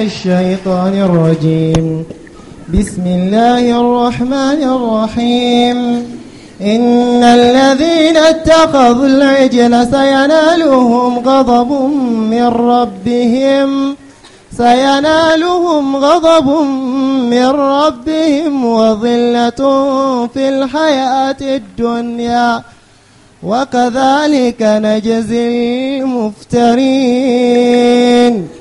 الشيطان الرجيم بسم الله الرحمن الرحيم إن الذين اتخذوا العجل سينالهم غضب من ربهم سينالهم غضب من ربهم وظلة في الحياة الدنيا وكذلك نجزي المفترين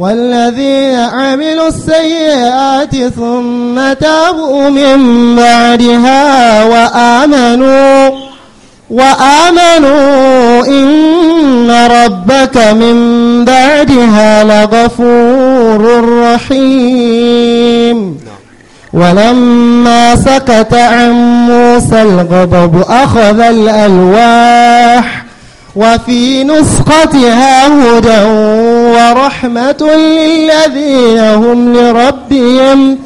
والذين عملوا السيئات ثم تابوا من بعدها وآمنوا وآمنوا إن ربك من بعدها لغفور رحيم ولما سكت عن موسى الغضب أخذ الألواح وفي نسختها هدى ورحمة للذين هم لربهم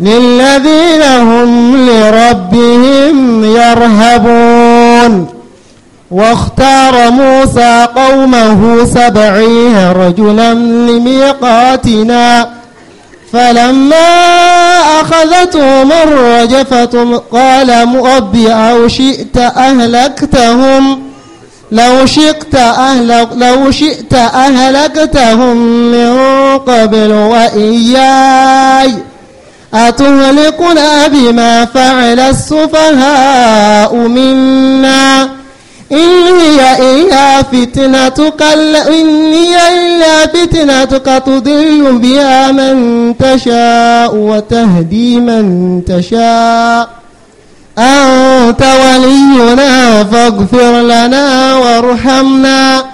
للذين هم لربهم يرهبون واختار موسى قومه سبعين رجلا لميقاتنا فلما أخذتهم الرجفة قال مؤبي أو شئت أهلكتهم لو شئت أهلك لو شئت أهلكتهم من قبل وإياي أتهلكنا بما فعل السفهاء منا إن هي إلا فتنتك إن هي إلا فتنتك تضل بها من تشاء وتهدي من تشاء أنت ولينا فاغفر لنا وارحمنا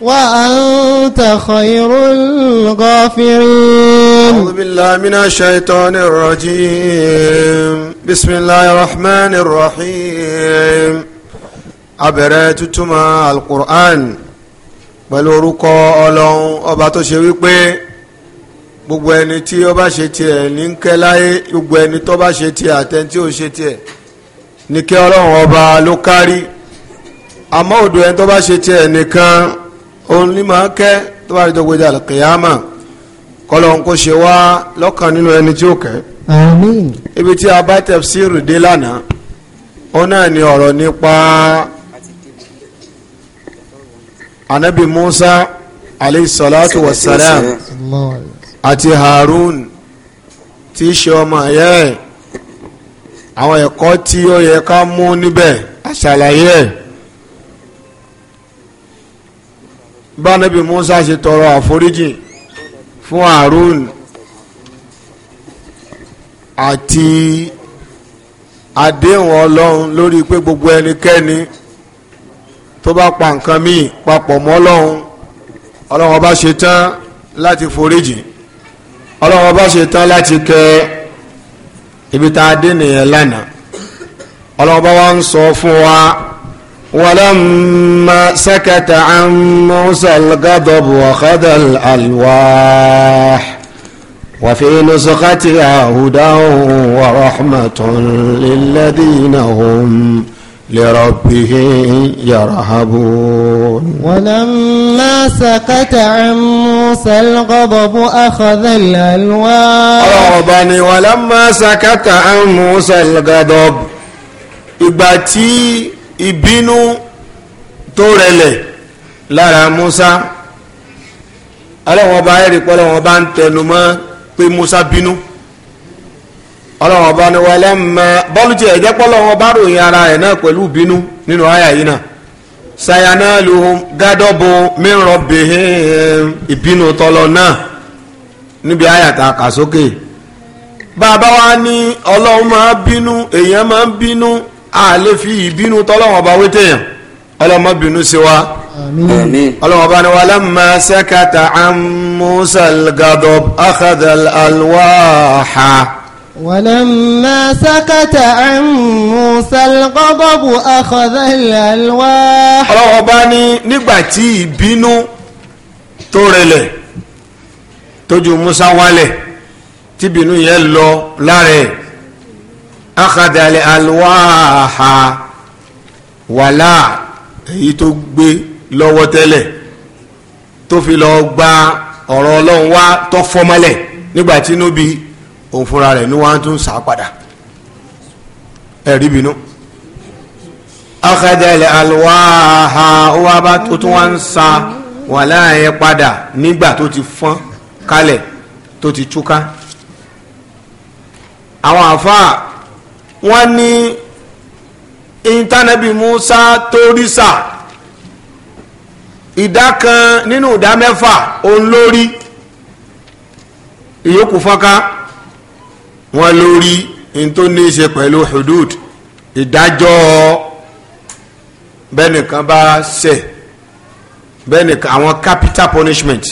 وأنت خير الغافرين أعوذ بالله من الشيطان الرجيم بسم الله الرحمن الرحيم abẹ̀rẹ̀ القرآن pẹ̀lú orúkọ ọlọ́run ọba tó ṣe wípé gbogbo ẹni tí ó bá ṣe tiẹ̀ ní ń kẹ́ láyé gbogbo ẹni tó bá ṣe tiẹ̀ àtẹ́ntí ó ṣe tiẹ̀ ní kí ọlọ́run ọba ló kárí àmọ́ ọ̀dọ̀ ẹni tó bá ṣe tiẹ̀ nìkan òun ní máa kẹ́ tó bá rí dọ́gbé dà kìyàmà kọlọ́run kó ṣe wá lọ́kàn nínú ẹni tí ó kẹ́. àmín. ibi tí a bá tafsírù dé lánàá òun náà ni ọ̀rọ̀ nípa anabi musa alayhi salatu wa salam àti harun tí í ṣe ọmọ ẹ̀yẹ́ ẹ̀ àwọn ẹ̀kọ́ tí ó yẹ ká mú níbẹ̀ àṣàlàyé ẹ̀ bá Musa ṣe tọrọ àforíjì fún Harun àti àdéhùn Ọlọ́run lórí pé gbogbo ẹnikẹ́ni tó bá pa nǹkan míì papọ̀ mọ́ Ọlọ́run Ọlọ́run ọba ṣe tán láti foríjì Ọlọ́run ọba ṣe tán láti kẹ́ ẹ́. ibi tá a dé nìyẹn lánàá ọlọ́ba wa ń fún wa walamma sakata an musa al-ghadab wa khada alwa alwah wa fi nuskhatiha hudan wa rahmatun lilladhina hum. لربهم يرهبون ولما سكت عن موسى الغضب أخذ الألوان رغبني ولما سكت عن موسى الغضب ìgbà tí ìbínú tó rẹlẹ̀ lára Musa ọlọ́wọ́n bá ẹ̀rí pọ́lọ́wọ́n bá ń tẹnu mọ́ pé Musa bínú ọlọ́run ọba ni wọlé mọ bọ́ọ̀lù tí ẹ̀jẹ̀ pọ́ lọ́wọ́ bá ròyìn ara rẹ̀ náà pẹ̀lú ìbínú nínú àyà yìí náà sayana lu gádọ́bù mìíràn bìhín ìbínú tọlọ náà níbi àyà tá a kà sókè bàbá wa ní ọlọ́run máa bínú èèyàn máa bínú a lè fi ìbínú tọ́lọ́run ọba wé téèyàn ọlọ́mọ bínú sí wa ọlọ́run ọba ni walamma sakata an Musa al-gadob ولما سكت عن موسى الغضب أخذ الألواح ọlọ́wọ́ bá ní nígbà tí ìbínú tó rẹlẹ̀ tójú Musa wálẹ̀ tí ìbínú yẹn lọ lára ẹ̀ أخذ الألواح wàlá èyí tó gbé lọ́wọ́ tẹ́lẹ̀ tó fi lọ gba ọ̀rọ̀ Ọlọ́run wá tó fọ́mọ́lẹ̀ nígbà tí inú bíi òun fúnra rẹ̀ ní wọ́n á tún sá padà ẹ̀rí bínú. akadẹ́lẹ̀ alwáha ó wá bá tó tún wá ń sa wà láàyè padà nígbà tó ti fọ́n kalẹ̀ tó ti túká. àwọn àfáà wọ́n ní intanẹ́bì musa torísà ìdá kan nínú ìdá mẹ́fà òun lórí ìyókù fọ́nká wọn lórí n tó ní í ṣe pẹ̀lú hudud ìdájọ́ bẹ́nìkan bá ṣẹ̀ bẹ́nìkan àwọn capital punishment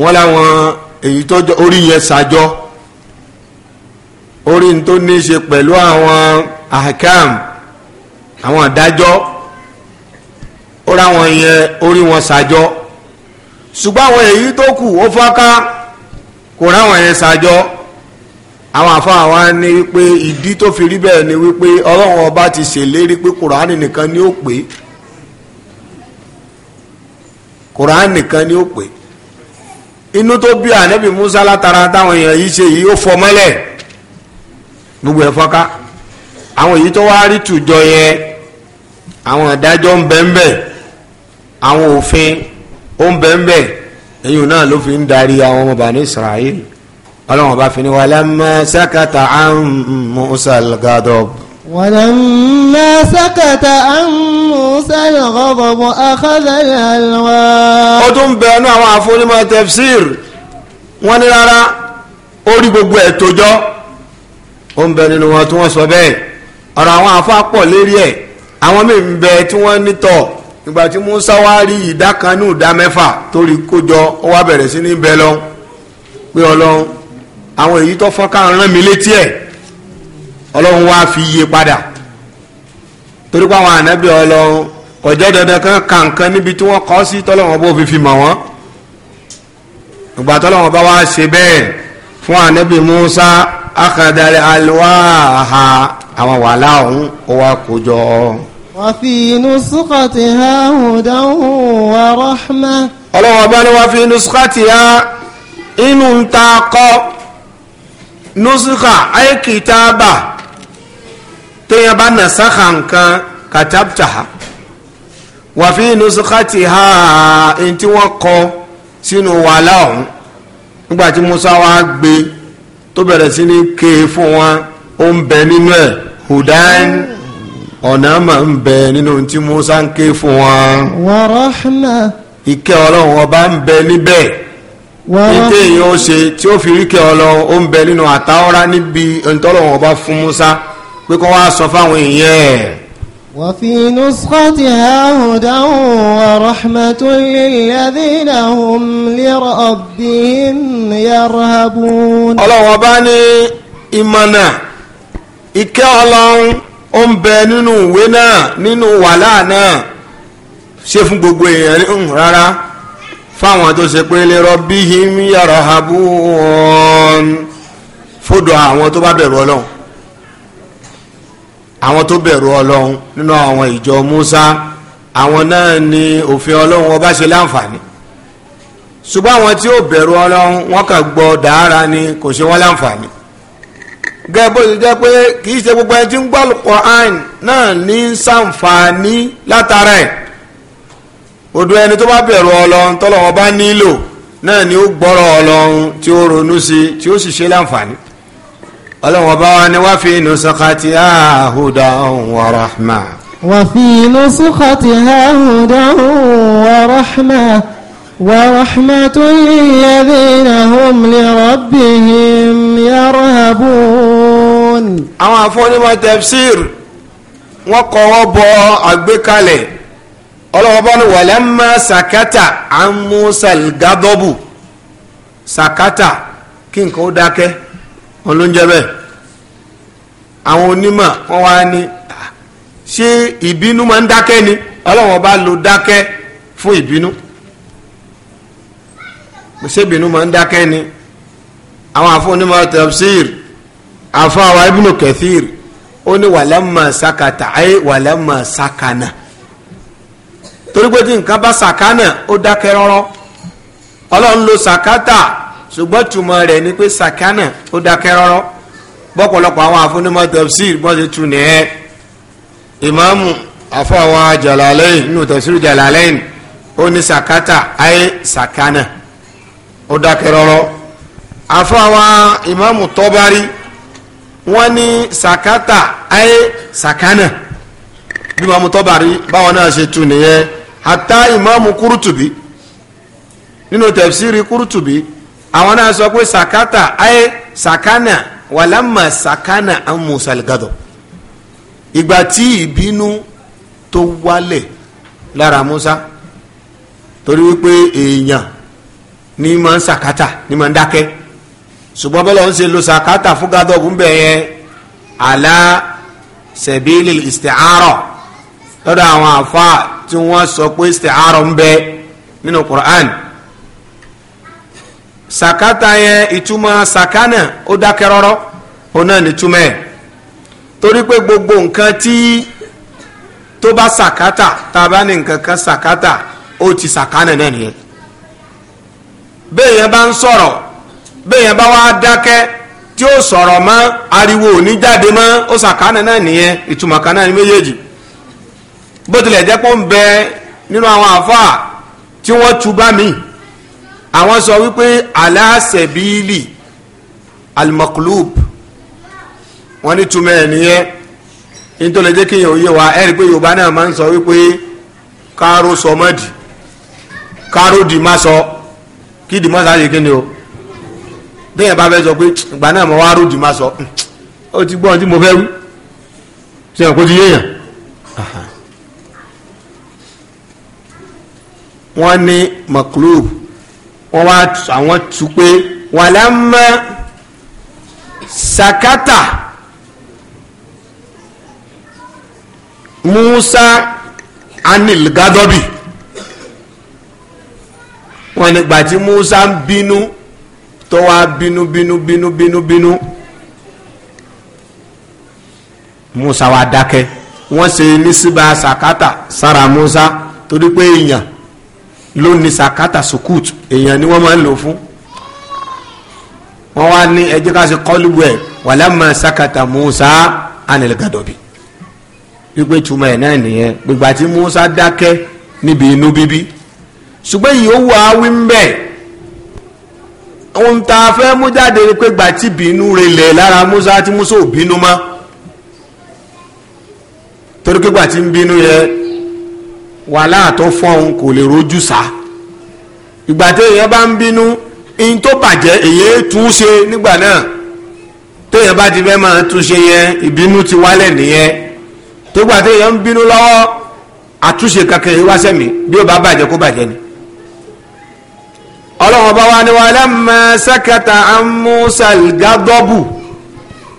wọ́n láwọn èyí tó orí yẹn ṣàjọ́ orí n tó ní í ṣe pẹ̀lú àwọn ahkam àwọn ìdájọ́ ó ráwọn yẹn orí wọn ṣàjọ́ ṣùgbọ́n àwọn èyí tó kù ó fọ́ká kò ráwọn yẹn ṣàjọ́ àwọn àfáà wa ní wípé ìdí tó fi rí bẹ́ẹ̀ ni wípé ọlọ́run ọba ti ṣèlérí pé kùránì nìkan ni ó pè kùránì nìkan ni ó pè inú tó bí ànábì Musa látara táwọn èèyàn yìí ṣe yìí ó fọ́ mọ́lẹ̀ gbogbo ẹ̀ fọ́ká àwọn èyí tó wá rí tùjọ yẹn àwọn ìdájọ́ ń bẹ àwọn òfin ó ń bẹ ẹ̀yìn náà ló fi ń darí àwọn ọmọ bàní Israel ọlọ́run ọba fi ni walamma sakata an musal gadob. walamma sakata an musal gadob akhadhal alwa. ó tún bẹ ẹnu àwọn àfonímọ̀ tefsir wọ́n ní rárá ó rí gbogbo ẹ̀ tójọ́ ó ń bẹ nínú wọn tí wọ́n sọ bẹ́ẹ̀ ọ̀rọ̀ àwọn àfa pọ̀ lérí ẹ̀ àwọn míì ń bẹ tí wọ́n nítọ̀ ìgbà tí musa wá rí ìdá kan ní ìdá mẹ́fà torí kójọ ó wá bẹ̀rẹ̀ sí ní bẹ lọ pé ọlọ́run àwọn èyí tó fọ́nká rán mi létí ẹ̀ ọlọ́run wá fi yé padà torí pé àwọn ànábì ọlọ́run kọjọ́ dandan kan ka nǹkan níbi tí wọ́n kọ́ sí tọ́lọ́wọ́n bó fi fi mọ̀ wọ́n ìgbà tọ́lọ́wọ́n bá wá ṣe bẹ́ẹ̀ fún ànábì Musa akadàlẹ̀ alwáha àwọn wàhálà ọ̀hún ó wá kó jọ. wa fi nusqatiha hudan wa rahma. ọlọ́wọ́n bá ní wa fi nusqatiha inú ń ta kọ́ nusuka ayé kìtàbà téèyàn bá nà sáka nǹkan kàtàbtà wàfi nusuka ti ha ẹni tí wọ́n kọ sínú wàhálà ọ̀hún nígbà tí musa wa gbé tó bẹ̀rẹ̀ sí ní ké fún wọn ó ń bẹ nínú ẹ̀ e. hudan ọ̀nà máa ń bẹ nínú tí musa ń ké fún wọn. wa rahma. ìkẹ́ ọlọ́run ọba ń bẹ níbẹ̀ ní téèyàn ó ṣe tí ó fi ríkẹ́ ọlọ́run ó ń bẹ nínú àtàwọ́rá níbi ntọ́lọ́wọ́n ọba fún Musa pé kó wá sọ fáwọn èèyàn ẹ̀. wa fi nuskhatiha hudan wa rahmatun lilladhina hum ọlọ́wọ́n bá ní ìmọ̀nà ìkẹ́ ọlọ́run ó ń bẹ nínú ìwé náà nínú wàhálà náà ṣe fún gbogbo èèyàn rárá fáwọn tó ṣe pé lérọ bíhìm yarhabun fọdọ̀ àwọn tó bá bẹ̀rù ọlọ́run àwọn tó bẹ̀rù ọlọ́run nínú àwọn ìjọ Musa àwọn náà ni òfin ọlọ́run ọba ṣe láǹfààní ṣùgbọ́n àwọn tí ó bẹ̀rù ọlọ́run wọ́n kàn gbọ́ dára ni kò ṣe wọ́n láǹfààní gẹ́gẹ́ bó ṣe jẹ́ pé kì í ṣe gbogbo ẹni tí ń gbọ́ Al-Qur'an náà ní ṣàǹfààní látara ẹ̀ odò ẹni tó bá bẹ̀rù ọlọ́run tọ́lọ́wọ́n bá nílò náà ni ó gbọ́rọ̀ ọlọ́run tí ó ronú sí tí ó sì ṣe láǹfààní ọlọ́run ọba wa ni wá fi inú sọ́kàtì àhùdà wa rahma. wà fi inú sọ́kàtì àhùdà wa rahma wa rahmatu lilladhina hum li rabbihim yarhabun. àwọn àfọ́nímọ̀ tafsir wọ́n kọ́ wọ́n bọ àgbékalẹ̀ ọlọ́wọ́ bá ní wàlẹ́mà sàkátà amúsàl gádọ́bù sàkátà kí nǹkan ó dákẹ́ wọn ló ń jẹ́ bẹ́ẹ̀ àwọn onímọ̀ wọn wá ní ah, ṣé ìbínú máa ń dákẹ́ ni ọlọ́wọ́ bá lo dákẹ́ fún ìbínú ṣé ìbínú máa ń dákẹ́ ni àwọn àfọ onímọ̀ tafsir àfọ àwọn ibùnú kathir ó ní wàlẹ́mà sàkátà ayé wàlẹ́mà sàkánà torí pé tí nǹkan bá sàkánà ó dákẹ́ rọ́rọ́ ọlọ́run lo sàkátà ṣùgbọ́n túmọ̀ rẹ̀ ni pé sàkánà ó dákẹ́ rọ́rọ́ bọ́pọ̀lọpọ̀ àwọn àfúnimọ̀ tafsir bọ́n ṣe tu nìyẹn ìmáàmù àfọwọ́ Jalalayn nínú tafsir Jalalayn ó ní sàkátà ayé sàkánà ó dákẹ́ rọ́rọ́ àfọwọ́ ìmáàmù Tọ́bárí wọ́n ní sàkátà ayé sàkánà bí ìmáàmù Tọ́bárí báwọn náà ṣe tu nìyẹn Hata ìmáàmù kúrútùbí nínú tafsiri kúrútùbí àwọn náà sọ pé sakata ayé sakana wàlámà sakana amusalgado ìgbà tí ìbínú tó wálẹ̀ lára musa torí wípé èèyàn ní máa ń sakata ní máa ń dákẹ́ ṣùgbọ́n bọ́lá ń ṣe lo sakata fún gadọ́ọ̀bù ń bẹ̀ yẹn àlá sẹ̀bílì ìsìtẹ̀ àárọ̀ lọ́dọ̀ àwọn àfáà tí wọ́n sọ pé isti'ara ń bẹ nínú Qur'an sàkátà yẹn ìtumọ̀ sàkánà ó dákẹ́ rọ́rọ́ òun náà nìtumọ̀ ẹ̀ torí pé gbogbo nǹkan tí tó bá sàkátà tá a bá ní nǹkan kan sàkátà ó ti sàkánà náà nìyẹn bẹ́ẹ̀ bá ń sọ̀rọ̀ bẹ́ẹ̀ bá wá dákẹ́ tí ó sọ̀rọ̀ mọ́ ariwo ò ní jáde mọ́ ó sàkánà náà nìyẹn ìtumọ̀ kan náà ní méjèèjì bó tilẹ̀ jẹ́ pọ́ ń bẹ nínú àwọn àfáà tí wọ́n tu bá mi àwọn sọ wípé aláṣẹ̀bíìlì almaklub wọ́n ní túmọ̀ ẹ̀ nìyẹn nítorí lè jẹ́ kí èèyàn òye wa ẹ̀ rí i pé yorùbá náà máa ń sọ wípé káró sọmọ́dì káró dì má sọ kí dì má sáyé o bẹ́ẹ̀ bá fẹ́ sọ pé ìgbà náà mo wá ròdì má sọ ó ti gbọ́n tí mo fẹ́ wí ṣe é kó ti yéèyàn. wọ́n ní maklub wọ́n wá àwọn tu pé wàlámà sakata musa anil gadobi wọ́n nígbà tí musa ń bínú tó wá bínú bínú bínú bínú bínú musa wá dákẹ́ wọ́n ṣe ní síba sakata sara musa torí pé èèyàn ló ní sakata sukut èèyàn ni wọ́n máa ń lò fún wọ́n wá ní ẹjẹ́ ká ṣe kọ́lùwẹ̀ wàlámà sakata musa anilgadobi wípé túmọ̀ ẹ̀ náà nìyẹn gbogbo àti musa dákẹ́ níbi inú bíbí ṣùgbọ́n yìí ó á wí ń bẹ̀ ohun tá a fẹ́ mú jáde ni pé gbà tí bínú relẹ̀ lára musa tí musa ò bínú mọ́ torí pé gbà tí ń bínú yẹn wàhálà tó fọ́hún kò lè rojú sá ìgbà téèyàn bá ń bínú in tó bàjẹ́ èyí tún ṣe nígbà náà téèyàn bá ti fẹ́ máa tún ṣe yẹn ìbínú ti wálẹ̀ nìyẹn tó gbà téèyàn ń bínú lọ́wọ́ àtúnṣe kankan yìí wá sẹ́mi bí ó bá bàjẹ́ kó bàjẹ́ ni ọlọ́run bá wá ní wàhálà máa sakata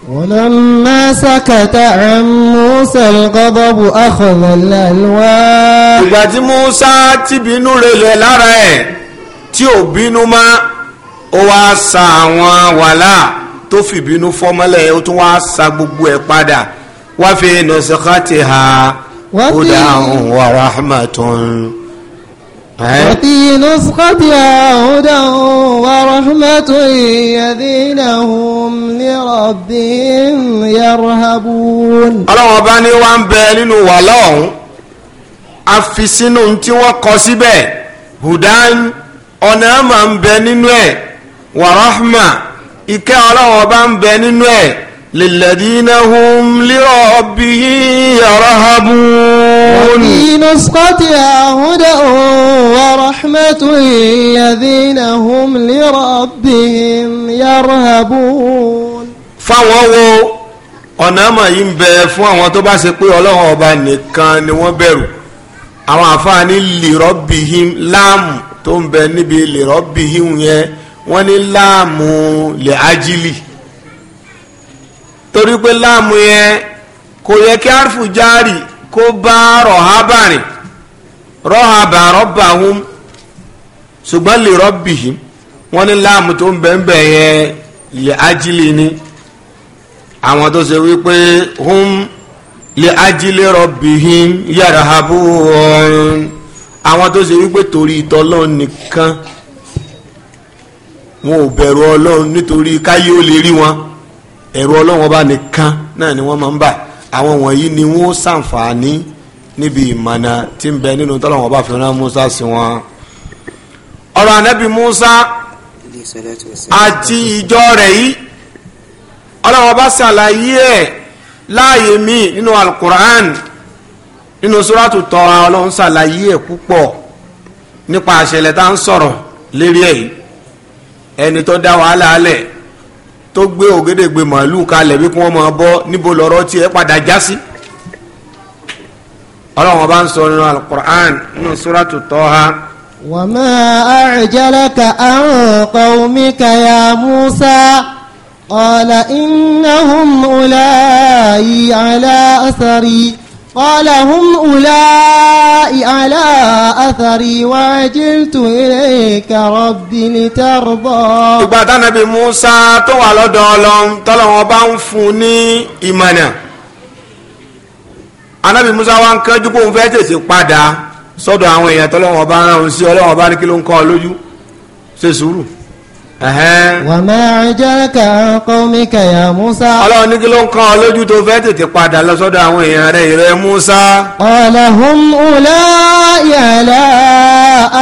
ولما سكت عن موسى الغضب أخذ الألواح ìgbà tí Musa ti bínú relẹ̀ lára ẹ̀ tí ò bínú má ó wá sa àwọn wàhálà tó fìbínú fọ́mọ́lẹ̀ ó tún wá sa gbogbo ẹ̀ padà wá fi nuskhatiha hudan wa rahmatun. Eh? وفي نسختها هدى ورحمة الذين هم لربهم يرهبون ọlọ́run ọba ní wá ń bẹ nínú wà lọ́hùn a fi sínú tí wọ́n kọ síbẹ̀ hudan ọ̀nà àmà ń bẹ nínú ẹ̀ wà rahma ìkẹ́ ọlọ́run ọba ń bẹ nínú ẹ̀ lilladhina hum lirabbihim yarhabun. وفي نسختها هدى رحمة الذين هم لربهم يرهبون fáwọn wo ọ̀nà àmọ̀ yìí ń bẹ fún àwọn tó bá ṣe pé ọlọ́run ọba nìkan ni wọ́n bẹ̀rù àwọn àfáàní lèrọ́bìhìm láàmù tó ń bẹ níbi lèrọ́bìhìm yẹn wọ́n ní láàmù lè ájílì torí pé láàmù yẹn kò yẹ kí àrùfù járì kó bá rọ̀hábà rìn rọ̀hábà rọ̀bà hùm ṣùgbọ́n lè rọ́bì yìí wọ́n ní láàmù tó ń bẹ̀ ń bẹ̀ yẹn lè ájílì ni àwọn tó ṣe wípé hum lè ájílì rọ́bì yìí yàrá abú ọ̀run àwọn tó ṣe wípé torí ìtọ́lọ́run nìkan wọn ò bẹ̀rù ọlọ́run nítorí káyé ó lè rí wọn ẹ̀rù ọlọ́run ọba nìkan náà ni wọ́n máa ń bà àwọn wọ̀nyí ni wọ́n ṣàǹfààní níbi ìmọ̀nà tí ń bẹ nínú tọ́lọ́run ọba fi rán Musa sí wọn ọ̀rọ̀ ànábì Musa àti ìjọ rẹ̀ yìí ọlọ́wọ́ bá ṣàlàyé ẹ̀ láàyè míì nínú alukur'an nínú suratu tọ́ra ọlọ́run ṣàlàyé ẹ̀ púpọ̀ nípa àṣẹlẹ̀ tá ń sọ̀rọ̀ lérí ẹ̀ ẹni tó dá wàhálà alẹ̀ tó gbé ògédègbè màálù kalẹ̀ bí kí wọ́n máa bọ́ níbo lọ́rọ́ tí ẹ padà já sí ọlọ́run ń sọ nínú alukur'an nínú suratu tọ́ra. وما أعجلك عن قومك يا موسى قال إنهم أولئي على أثري قال هم أولئي على أثري وعجلت إليك رب لترضى ìgbà tí Ànábì Mùsá tó wà lọ́dọ̀ Ọlọ́run t'Ọlọ́run bá ń fún ní ìmọ̀nà Ànábì Mùsá wá ń kánjú kó ń fẹ́ tètè padà sọ́dọ̀ àwọn èèyàn tọ́lọ́wọ́n bá rán òun sí ọlọ́wọ́n bá ní kí ló ń kọ́ ọ lójú ṣe sùúrù. wa ma a'jalaka an qawmika ya Musa. ọlọ́run ní kí ló ń kọ́ ọ lójú tó fẹ́ tètè padà lọ sọ́dọ̀ àwọn èèyàn rẹ̀ ìrẹ́ Musa. qala hum ula'i ala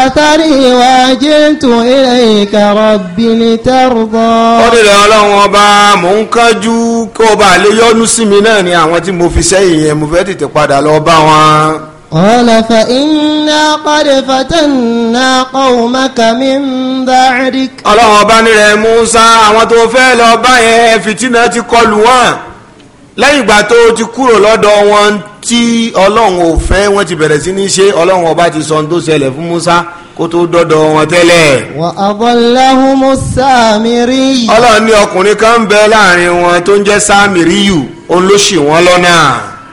athari wa jintu ilayka rabbi litarda. ó dìrẹ̀ ọlọ́run ọba mò ń kánjú kó o bá lè yọ́nú sí mi náà ni àwọn tí mo fi sẹ́yìn yẹn mo fẹ́ tètè padà lọ bá wọn. قال فإنا قد فتنا قومك من بعدك ọlọ́run ọba nílẹ̀ Musa àwọn tó fẹ́ lọ bá yẹn fìtínà ti kọlù wọn lẹ́yìn ìgbà tó ti kúrò lọ́dọ̀ wọn tí ọlọ́run ò fẹ́ wọ́n ti bẹ̀rẹ̀ sí ní ṣe ọlọ́run ọba ti sọ ohun tó ṣẹlẹ̀ fún Musa kó tó dọ́dọ̀ wọn tẹ́lẹ̀. wa adallahu Samiri. ọlọ́run ní ọkùnrin kan ń bẹ láàrin wọn tó ń jẹ́ Samiriyu òun ló ṣì wọ́n lọ́nà.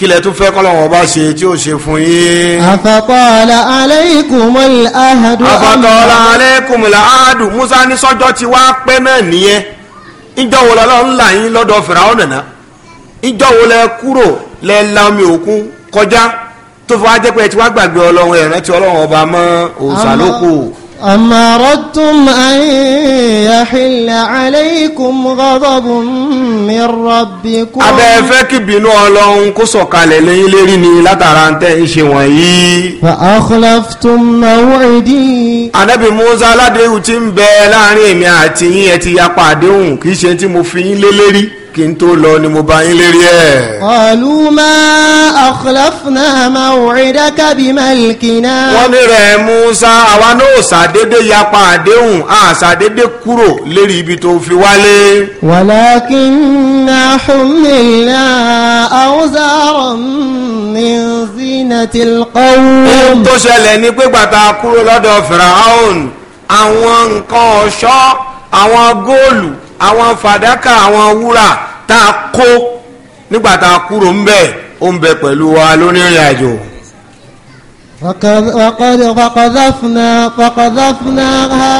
kílẹ̀ tún fẹ́ kọ́lọ̀wọ̀n bá ṣe tí ó ṣe fún yín. àfàkọ́ọ̀lá aláìkùnmọ̀lá àádùn. àfàkọ́ọ̀lá aláìkùnmọ̀lá àádùn musa ní sọ́jọ́ ti wá pẹ́ náà nìyẹn ìjọ lọ́lọ́ ńlá yín lọ́dọ̀ fìràwọ̀n nàná ìjọ lẹ kúrò lẹ la òkun kọjá tó fi wá jẹ́ wá gbàgbé ọlọ́run ẹ̀rẹ́ ti ọlọ́run ọba mọ́ òòsà أما أردتم أن يحل عليكم غضب من ربكم abẹ́ fẹ́ kí bínú Ọlọ́run kó sọ̀kalẹ̀ lẹ́yìn lérí ni látara ń tẹ́ ń ṣe wọ̀nyí. فأخلفتم موعدي. ànábì Musa aládéhùn ti ń bẹ láàrin èmi àti yín ẹ ti yapa àdéhùn kì í ṣe tí mo fi yín lé lérí kí n tó lọ ni mo bá yín lérí ẹ̀. qalu ma akhlafna maw'idaka bimalkina. wọ́n ní rẹ̀ Musa àwa náà ṣàdédé yapa àdéhùn a ṣàdédé kúrò lérí ibi tó fi wálé. walakinna humilna awzaran min zinatil qawm. ohun tó ṣẹlẹ̀ ni pé gbàtà kúrò lọ́dọ̀ Firaun àwọn nǹkan ọ̀ṣọ́ àwọn góòlù àwọn fàdákà àwọn wúrà tá a kó nígbà tá a kúrò ń ó ń bẹ pẹ̀lú wa lónírìn àjò. وقد فقذفنا فقذفناها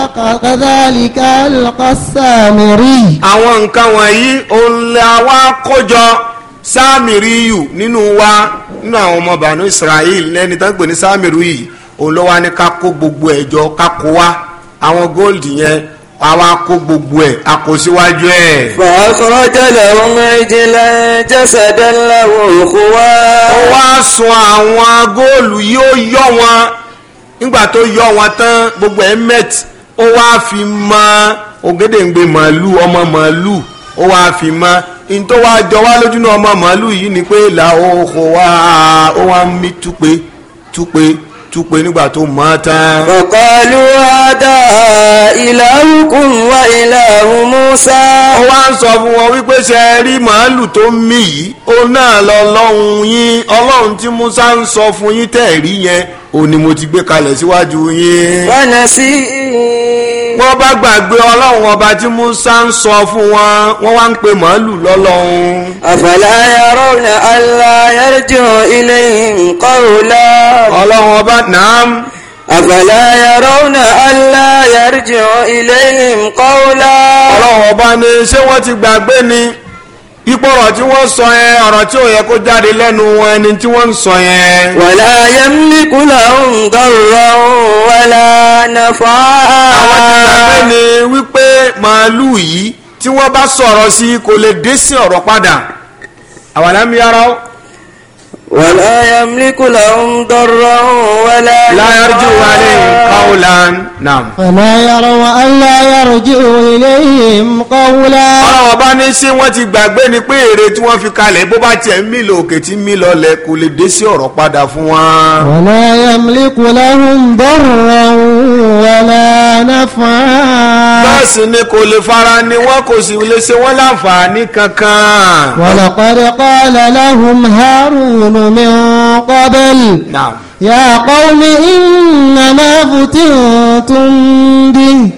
كذلك ألقى السامري àwọn nǹkan wọ̀nyí òun la wá kójọ sáàmìríyù nínú wa nínú kó gbogbo ẹ̀jọ ká kó wa àwọn àwa kó gbogbo ẹ̀ àkọsíwájú ẹ̀. fàákọ́rọ́jẹ́lẹ̀ ọmọ ìjìnlẹ̀ jẹ́sẹ̀dẹ́ lẹ́wọ̀n òkú wá. ó wá sun àwọn góòlù yóò yọ wọn nígbà tó yọ wọn tán gbogbo ẹ̀ mẹ́t ó wá fi mọ ògédèǹgbè màálù ọmọ màálù ó wá fi mọ n tó wá jọ wá lójú náà ọmọ màálù yìí ni pé làwọn òkú wá ó wá ń túpe túpe túpe nígbà tó mọ́ tán. kọ̀kọ́lù àdá ìlàrúkùn wa ìlàrún Musa. ó wá ń sọ fún wọn wípé ṣe rí màálù tó ń mì yìí ó náà lọ lọ́hùn yín ọlọ́run tí Musa ń sọ fún yín tẹ̀ rí yẹn ó mo ti gbé kalẹ̀ síwájú yín. wọ́n náà sí i wọ́n bá gbàgbé ọlọ́run ọba tí musa ń sọ fún wọn wọ́n wá ń pe màálù lọ́lọ́run. àfàlà yarawna alla yarju ilayhim qawla. ọlọ́run ọba nàám. àfàlà yarawna alla yarju ilayhim qawla. ọlọ́run ọba ni ṣé wọ́n ti gbàgbé ni ipò ọ̀rọ̀ tí wọ́n sọ yẹn ọ̀rọ̀ tí ò yẹ kó jáde lẹ́nu wọn ẹni tí wọ́n ń sọ yẹn. wàlá yamliku lahum darran wàlá nafa. àwọn ti gbàgbé ni wípé màálùú yìí tí wọ́n bá sọ̀rọ̀ sí kò lè dé sí ọ̀rọ̀ padà àwọn àmì ara ó. wàlá yamliku lahum darran wàlá nafa. la yarju alayhim qawlan naam. fala yaraw an la yarji'u ilayhim qawla. ọlọ́wọ́ bá ní ṣé wọ́n ti gbàgbé ni pé èrè tí wọ́n fi kalẹ̀ bó bá tiẹ̀ ń mí lò òkè tí ń mí lọlẹ̀ kò lè dé sí ọ̀rọ̀ padà fún wọn. wala yamliku lahum darran wala nafa. bẹ́ẹ̀ sì ni kò lè fara ni wọn kò sì lè ṣe wọ́n láǹfààní kankan. wa laqad qala lahum Harun min qabl. naam. ya آمنتم به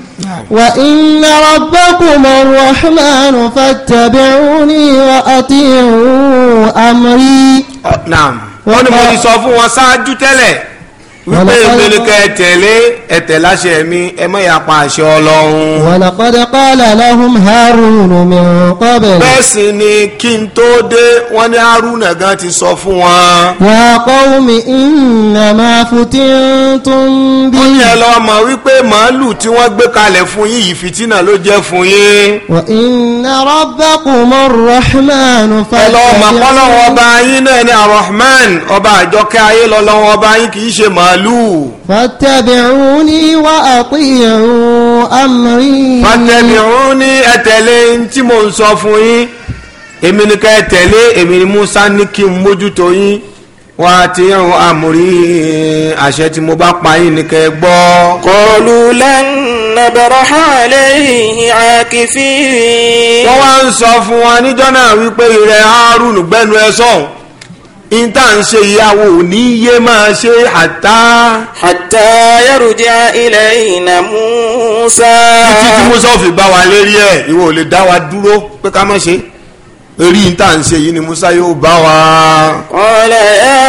وإن ربكم الرحمن فاتبعوني وأطيعوا أمري نعم wọ́n ní mo ti wípé ìmìlì ká ẹ tẹ̀lé ẹ tẹ̀lé àṣẹ mi ẹ má yà pa àṣẹ ọlọ́run. wọ́n àpàdé kọ́lá lọ́hùn haruna mi kọ́bẹ̀. bẹ́ẹ̀ sì ni kí n tó dé wọ́n ní haruna gan ti sọ fún wọn. wà á kọ́ omi ìnà máa futin tó ń bí. wọ́n yẹ lọ mọ̀ wípé màálù tí wọ́n gbé kalẹ̀ fún yín yìí fìtínà ló jẹ́ fún yín. wà iná rabbakum arrahman fàtẹ́. ẹ lọ́ọ́ mọ̀ فاعملوا فاتبعوني وأطيعوا أمري فاتبعوني أتلي أنت منصفين èmi ni ká ẹ tẹ̀lé èmi ni Musa ní kí n mójútó yín wá ti ń amúrí àṣẹ tí mo bá pa yín ni ẹ gbọ́. kọlu lẹ́nu bẹ̀rẹ̀ hàn lẹ́yìn àkìfì. wọ́n wá ń sọ fún wa níjọ́ náà wípé ìrẹ̀ Harun gbẹ́nu ẹ sọ̀hún in tá à ń ṣe ìyàwó ní yé máa ṣe hatta. hatta yarji'a ilayna Musa. títí tí Musa fi bá wa lérí ẹ̀ ìwọ ò lè dá wa dúró pé ká má ṣe èrí in tá ń ṣe yìí ni Musa yóò bá wa. qala ya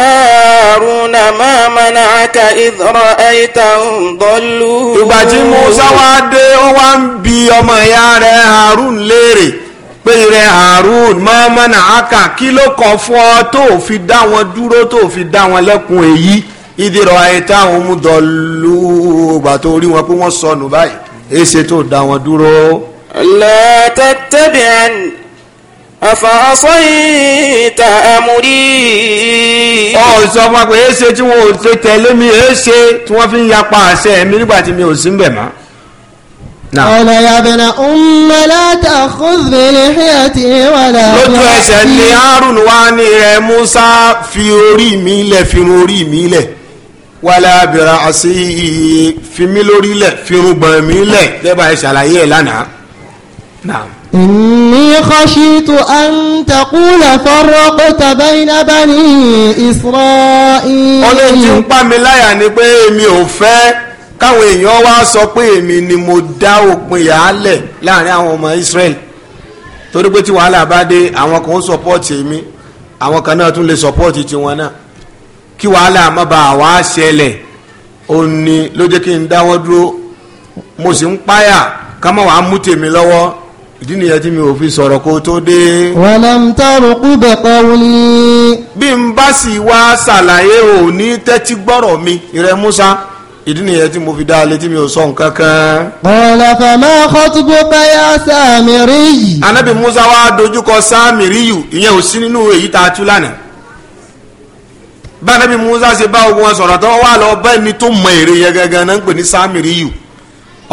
Haruna ma mana'aka idh ra'aytahum dallu. ìgbà tí Musa wá dé ó wá ń bi ọmọ ìyá rẹ̀ Harun léèrè pé ìrẹ Harun mọ́mọ́nà aka kí ló kọ fún ọ tó fi dá wọn dúró tó fi dá wọn lẹ́kùn èyí ìdírọ̀ àìtá àwọn ọmọdọ̀lú ògbà tó rí wọn pé wọ́n sọnù báyìí èsè tó dá wọn dúró. la tattabi'an afa'asayta amri. ọ sọ fún wa pé èsè tí wọn ò tẹ̀lé mi èsè tí wọ́n fi ń yapa àṣẹ mi nígbà tí mi ò sí ń bẹ̀ mọ́ náà. ọ̀nà yàbẹ̀nà ọmọ láti àkóso lẹ́hìntì wàlà. lójú ẹsẹ̀ ni Harun wá ní rẹ̀ Musa fi orí mi lẹ̀ fi run orí mi lẹ̀ wàlà abìrà àti fimi lórí lẹ̀ fi run gbọ̀n mi lẹ̀ lẹ́bà ẹ̀ ṣàlàyé ẹ̀ lánàá. إني خشيت أن تقول فرقت بين بني إسرائيل. ọlọ́run ti ń pa mi láyà ni pé èmi ò fẹ́ káwọn èèyàn wá sọ pé èmi ni mo dá òpin yàálẹ̀ láàrin àwọn ọmọ Israel torí pé tí wàhálà bá dé àwọn kan ń sọpọ́ọ̀tì èmi àwọn kan náà tún lè sọpọ́ọ̀tì tiwọn náà kí wàhálà má ba àwa ṣẹlẹ̀ ó ló jẹ́ kí n dáwọ́ dúró mo sì ń páyà ká má wàá mú tèmi lọ́wọ́ ìdí nìyẹn tí mi ò fi sọ̀rọ̀ kó tó dé. wàlám tààrọ̀ kú bẹ̀kọ́ wuli. bí n bá sì wá ṣàlàyé òní ní tẹ́tí gbọ́rọ̀ mi ìrẹ́ Musa ìdí nìyẹn tí mo fi dá létí mi ò sọ nǹkan kan. ọ̀nà fàmà kọ́tùbù báyà sàmìrì yìí. anabi musa wa dojúkọ sàmìrì yìí ìyẹn ò sí nínú èyí tá a tú lánàá. bá anabi musa ṣe bá ogun sọ̀rọ̀ tó wà lọ bá ẹni tó mọ èrè yẹn gangan náà ń pè ní sàmìrì yìí.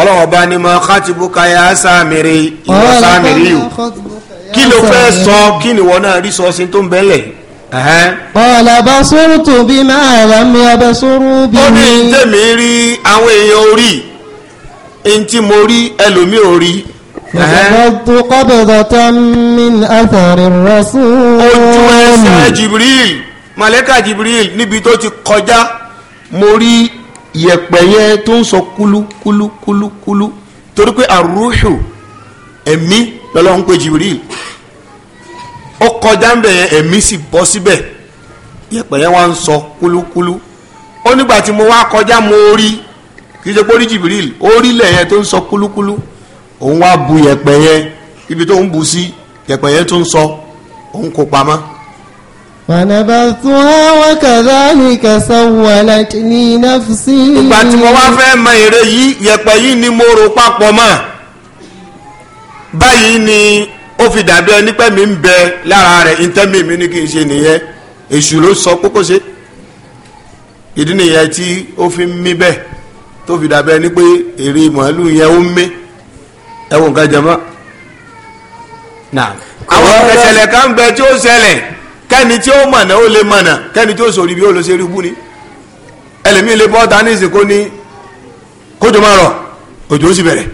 ọlọ́wọ́ bá ní mọ kọ́tùbù káyà sàmìrì ìwọ sàmìrì yìí. kí ló fẹ́ sọ kí ni wọn náà rí sọ tó ń bẹ́lẹ̀ yìí Qala basurtu bima lam yabsuru bihi. ó ní tèmi rí àwọn èèyàn orí ntí mo rí ẹlòmíì orí. Fẹ̀sẹ̀fẹ̀tù qabdatan min athari rasul. Ojú ẹsẹ̀ Jibril, Màlẹ́kà Jibril níbi tó ti kọjá, mo rí yẹ̀pẹ̀ yẹn tó ń sọ kúlúkúlúkúlú torí pé àrùhù ẹ̀mí lọ́lọ́ ń pe Jibril. ó kọjá ń bẹ̀ yẹn ẹ̀mí sì bọ́ síbẹ̀ yẹ̀pẹ̀ yẹn wá ń sọ kúlúkúlú ó nígbà tí mo wá kọjá mo rí kì í ṣe pé ó Jibril ó rí ilẹ̀ yẹn tó ń sọ kúlúkúlú òun wá bu yẹ̀pẹ̀ yẹn ibi tó ń bu sí yẹ̀pẹ̀ yẹn tó ń sọ òun kò pamọ́. فنبذتها وكذلك سولت لي نفسي ìgbà tí mo wá fẹ́ mọ èrè yìí yẹ̀pẹ̀ yìí ni mo rò papọ̀ mọ́ báyìí ni ó fi dàbí ẹni pé mi ń bẹ lára rẹ̀ ntẹ́mi mi ní kí n ṣe nìyẹn èṣù ló sọ kókó ṣe ìdí nìyẹn tí ó fi ń mí bẹ́ẹ̀ tó fi dàbí ẹni pé èrè màálù yẹn ó ń mí ẹ̀wọ̀n nǹkan jẹ mọ́ àwọn ìṣẹ̀lẹ̀ kan bẹ tí ó ṣẹlẹ̀ kẹ́ni tí ó mọ̀nà ó lè mọ̀nà kẹ́ni tí ó sòrí bí ó lọ ṣe rí bú ni ẹlẹ́mí lè bọ́ ta ní ìsìnkú ní kójò máa rọ̀ òjò ó sì bẹ̀rẹ̀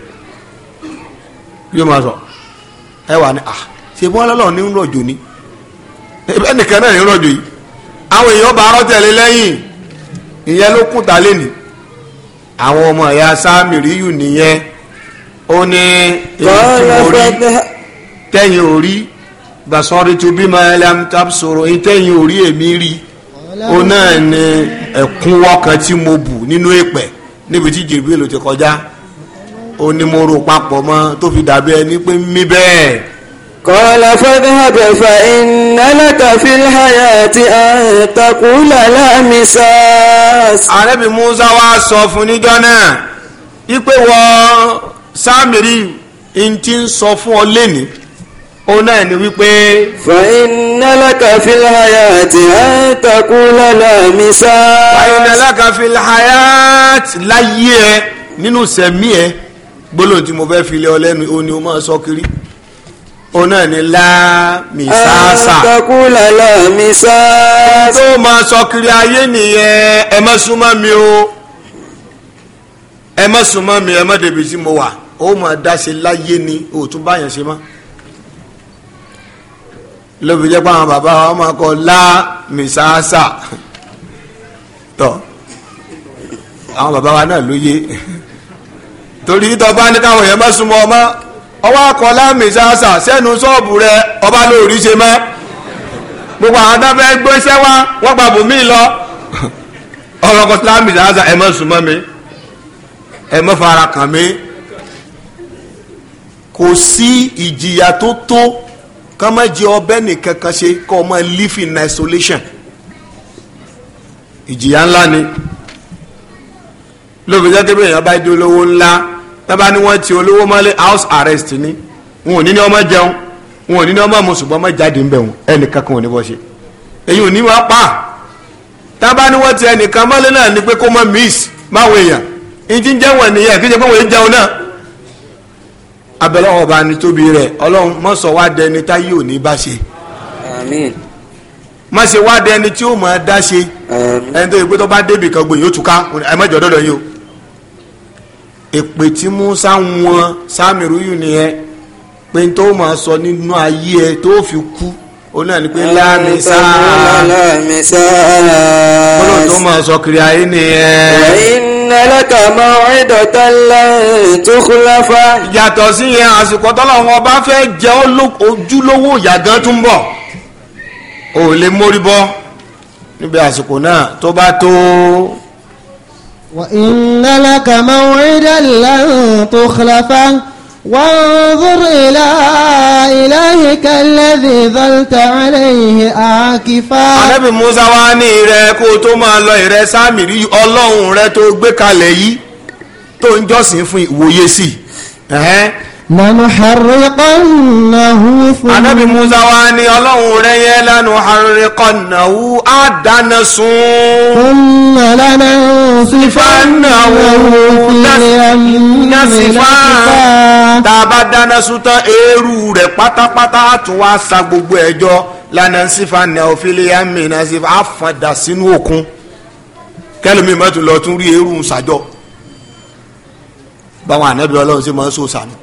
yóò máa sọ ẹ wà ní à ah, ṣe bí wọn lọ́lọ́ ní ń rọ̀jò ni ẹnìkan náà ní ń rọ̀jò yìí àwọn èèyàn bá arọ́ tẹ̀lé lẹ́yìn ìyẹn ló kùn ta lẹ́nì àwọn ọmọ ẹ̀yà sáàmì ríyù nìyẹn ó ní èyí tí mo rí tẹ̀yìn ò rí gbàsọ́rí tó bí máa ẹlẹ́m tábsọ̀rọ̀ èyí tẹ̀yìn ò èmi rí ó náà ní ẹ̀kúnwọ́ kan tí mo bù nínú èpẹ̀ níbi tí jìbìlì ti kọjá onímọ̀rò papọ̀ mọ́ tó fi dàbí ẹni pé mí bẹ́ẹ̀. kọ́lá fadhhab fa inna laka fil hayati an taqula la misas. àrẹ́bí musa wá sọ fún níjọ́ náà ipe wọ sámìrì n ti ń sọ fún ọ lẹ́ni òun náà ni wípé. fa inna laka fil hayati an taqula la misas. láyé ẹ nínú sẹ̀mí ẹ gbólóhùn tí mo fẹ́ fi lé ọ lẹ́nu ó ní o máa sọ kiri ó náà ní láàmìsáàsà àtàkùnlà láàmìsáàsà tó máa sọ kiri ayé nìyẹn ẹ má súnmọ́ mi o ẹ má súnmọ́ mi ẹ má débi tí mo wà ó máa dáṣe láyé ni ó tún báyẹn ṣe mọ́ lóbi jẹ́ pé àwọn bàbá wa máa kọ láàmìsáàsà tọ́ àwọn bàbá wa náà lóye. torí tọba ní káwọn èèyàn mọ́sùmọ́ ọmọ ọwọ́ akọ́lá mẹ́sàásà sẹ́nu rẹ ọba lórí ṣe mọ́ gbogbo àwọn tó fẹ́ wọ́n gba bùnmí lọ ọ̀rọ̀ kọ́sílá mi fara kàn kò sí ìjìyà tó tó má jẹ nìkan kan ni lóbi jẹ́ bá tábà ni wọ́n ti olówó mọ́lé house arrest ni wọn ò ní ní ọmọ jẹun wọn ò ní ní ọmọ mùsùlùmọ́ ọmọ jáde ńbẹ̀ wọn ẹnìkan kan ò ní bọ́ ṣe èyí ò ní wọ́n pa tábà ni wọ́n ti ẹnìkan mọ́lé náà ni pé kó mọ́ miss báwo èèyàn ìdí ń jẹ́ wọn nìyẹn kí n jẹ́ pé wọ́n ń jẹun náà abẹ́lẹ́ ọba ni tóbi rẹ̀ ọlọ́run mọ́ sọ wá dẹni tá yóò ní bá ṣe àmín má ṣe wá dẹni tí ó mọ̀ ẹ́ dá ṣe ẹni tó yẹ pé tó bá débì kan gbòòyìn ó túká ẹ mọ̀jọ́ dọ́dọ̀ yìí o èpè tí Musa wọn Sámìrú yìí nìyẹn pé tó máa sọ nínú ayé ẹ tó fi kú ó náà ní pé láàmì sáà kọ́nà tó máa sọ kiri ayé nìyẹn lẹ́lẹ́kà máa ń dọ̀tà lẹ́yìn tó kú láfa. yàtọ̀ sí yẹn àsìkò tọ́lọ́wọ́n ọba fẹ́ jẹ́ ojúlówó ìyà gan tún bọ̀ ò lè mórí bọ́ níbi àsìkò náà tó bá tó. وإن لك موعدا لن تخلفه وانظر إلى إلهك الذي ظلت عليه عاكفا Ànábì Mùsá wá ní ìrẹ kó tó máa lọ ìrẹ Sámírì Ọlọ́run rẹ tó gbé kalẹ̀ yìí tó ń jọ́sìn fún ìwòye sí i lánàhàrẹ́kọ̀nàhù fún anábì musa wa ni ọlọ́run rẹ̀ yẹ lánàhàrẹ́kọ̀nàhù àdáná sun. kúnlẹ̀ lánà sífànàhù násìfà tàbá dáná sun tán eérú rẹ̀ pátápátá tún wá sa gbogbo ẹ̀jọ́ lánà sífànàhù fílíà mìíràn sífà àfàdà sínú òkun kẹlẹ́mi mẹ́tò lọ́ọ́ tún rí eérú sàjọ́ báwọn ànábì ọlọ́run ṣe máa ń sọ sàmì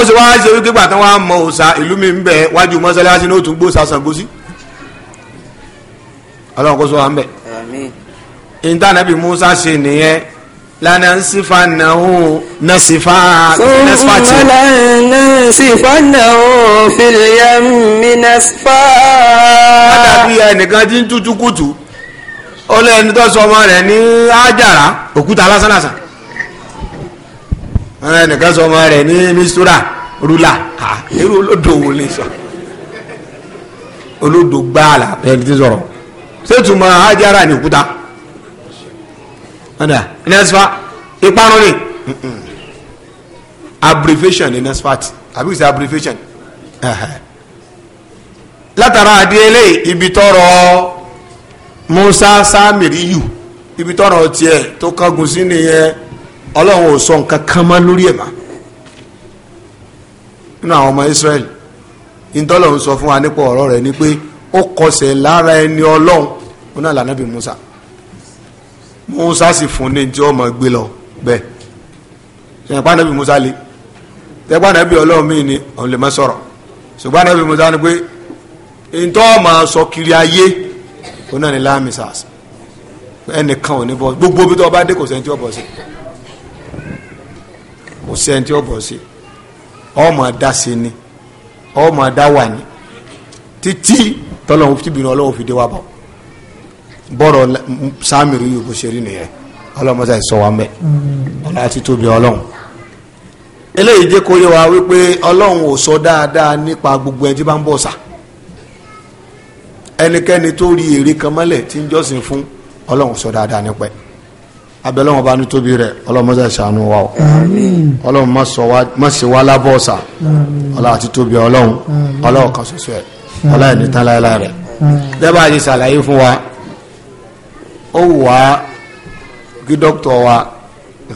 ó sì wáá ṣe wípé gbàtán wàá mọ òòsà ìlú mi ń bẹ wájú mọ́sálásí ní òtún gbòòsà Ṣàngó ọlọ́run kó sọ wa ń bẹ. intanẹ́ẹ̀tì Musa ṣe nìyẹn lana nsifa nahu nasifa nasfa ti. sumala nasifa nahu filiyami nasfa. látàbí ẹnìkan tí ń tutù kùtù ó lé ẹni tó sọ ọmọ rẹ̀ ní ájàrá òkúta lásán ẹnìkan sọ ọmọ rẹ̀ ní mistura rula ha irú olódò wo lè sọ olódò gbáàlà ẹni tí sọ̀rọ̀ sètùmọ̀ hajara ní òkúta ọ̀dà NASFAT ìparun ni abbreviation ní NASFAT àbí ìsè abbreviation látara adéélé ibi tọrọ Musa Samiriyu ibi tọrọ tiẹ̀ tó kángun sí nìyẹn ọlọ́run ò sọ nǹkan kan mọ́ lórí ẹ̀ bá nínú àwọn ọmọ Israel ìtọ́lọ́run sọ fún wa nípa ọ̀rọ̀ rẹ̀ ni pé ó kọsẹ̀ lára ẹni ọlọ́run ó náà lànà bí Musa Musa sì fún ní tí ọmọ gbé lọ bẹ́ẹ̀ ṣèyàn pa nàbí Musa le tẹ́gbà nàbí ọlọ́run míì ni òun lè má sọ̀rọ̀ ṣùgbọ́n nàbí Musa ni pé ìtọ́ ọmọ sọ kiri ayé ó náà ní láàmì sàásì ẹnìkan ò ní bọ́ gbogbo bí tó bá dé kò sẹ́ni tí ó bọ̀ sí i. kò sẹ́ni tí ó bọ̀ sí ọmọ dá ni ọmọ dá wà títí fi wa bọ́rọ̀ sáàmìrì yìí bó ṣe rí nìyẹn ọlọ́mọdé sọ wa mẹ́ ọlọ́ àti tóbi wa wípé ọlọ́run ò sọ dáadáa gbogbo tí bá ń bọ̀ sà ẹnikẹ́ni tó rí èrè kan mọ́lẹ̀ abẹ́lẹ́wọ̀n bá ní tóbi rẹ̀ ọlọ́mọdé ṣàánú wa o ọlọ́run má ṣe wá lábọ́ọ̀sà ọlọ́run àti tóbi ọlọ́run ọlọ́run kan ṣoṣo ẹ̀ ọlọ́run ní tán láéláé rẹ̀ dẹ́gbà yìí ṣàlàyé fún wa ó wù wá kí dókítà wa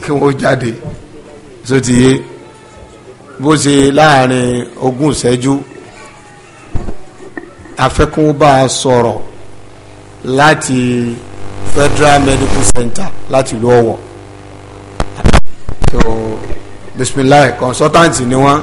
kí wọ́n jáde tó ti yé bó ṣe láàrin ogún ìṣẹ́jú afẹ́kùn sọ̀rọ̀ láti federal medical center láti ìlú ọ̀wọ̀ so bisimilayi consultant ni wọ́n.